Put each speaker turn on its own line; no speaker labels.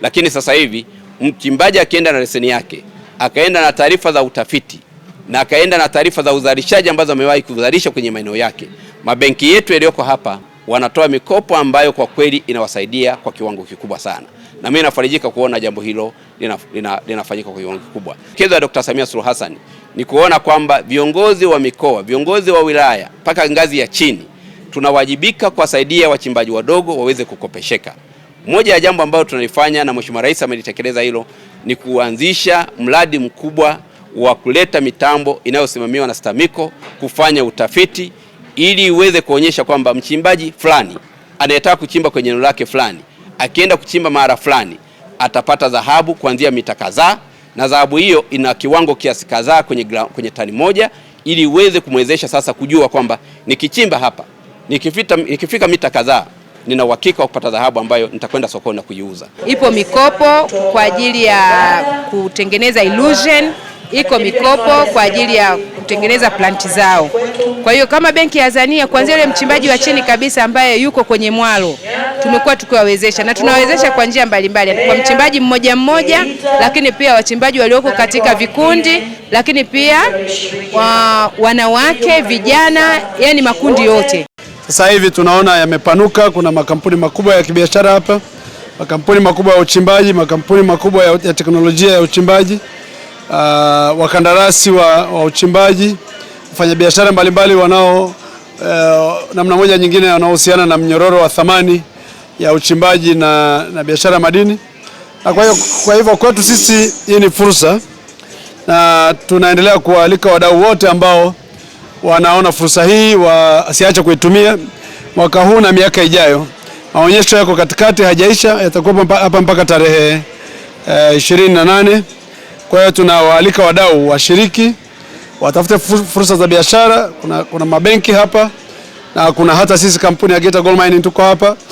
Lakini sasa hivi mchimbaji akienda na leseni yake akaenda na taarifa za utafiti na akaenda na taarifa za uzalishaji ambazo amewahi kuzalisha kwenye maeneo yake, mabenki yetu yaliyoko hapa wanatoa mikopo ambayo kwa kweli inawasaidia kwa kiwango kikubwa sana, na mimi nafarijika kuona jambo hilo linafanyika lina, lina kwa kiwango kikubwa. Kezo ya Dr. Samia Suluhu Hassan ni kuona kwamba viongozi wa mikoa, viongozi wa wilaya mpaka ngazi ya chini tunawajibika kuwasaidia wachimbaji wadogo waweze kukopesheka. Moja ya jambo ambalo tunalifanya na Mheshimiwa Rais amelitekeleza hilo ni kuanzisha mradi mkubwa wa kuleta mitambo inayosimamiwa na STAMICO kufanya utafiti ili iweze kuonyesha kwamba mchimbaji fulani anayetaka kuchimba kwenye eneo lake fulani akienda kuchimba mara fulani atapata dhahabu kuanzia mita kadhaa, na dhahabu hiyo ina kiwango kiasi kadhaa kwenye, kwenye tani moja, ili iweze kumwezesha sasa kujua kwamba nikichimba hapa nikifika, nikifika mita kadhaa nina uhakika wa kupata dhahabu ambayo nitakwenda sokoni na kuiuza.
Ipo mikopo kwa ajili ya kutengeneza illusion, iko mikopo kwa ajili ya kutengeneza planti zao. Kwa hiyo kama benki ya Azania, kuanzia yule mchimbaji wa chini kabisa ambaye yuko kwenye mwalo, tumekuwa tukiwawezesha na tunawawezesha kwa njia mbalimbali, kwa mchimbaji mmoja mmoja, lakini pia wachimbaji walioko katika vikundi, lakini pia wa, wanawake, vijana, yani makundi yote.
Sasa hivi tunaona yamepanuka, kuna makampuni makubwa ya kibiashara hapa, makampuni makubwa ya uchimbaji, makampuni makubwa ya, ya teknolojia ya uchimbaji, uh, wakandarasi wa, wa uchimbaji, wafanyabiashara mbalimbali wanao uh, namna moja nyingine wanaohusiana na mnyororo wa thamani ya uchimbaji na, na biashara madini na kwa hiyo kwa hivyo kwetu sisi hii ni fursa, na tunaendelea kuwaalika wadau wote ambao wanaona fursa hii wasiache kuitumia mwaka huu na miaka ijayo. Maonyesho yako katikati, hajaisha, yatakuwa hapa mpaka tarehe eh, ishirini na nane. Kwa hiyo tunawaalika wadau washiriki, watafute fursa za biashara. Kuna, kuna mabenki hapa na kuna hata sisi kampuni ya Geita Gold Mining tuko hapa.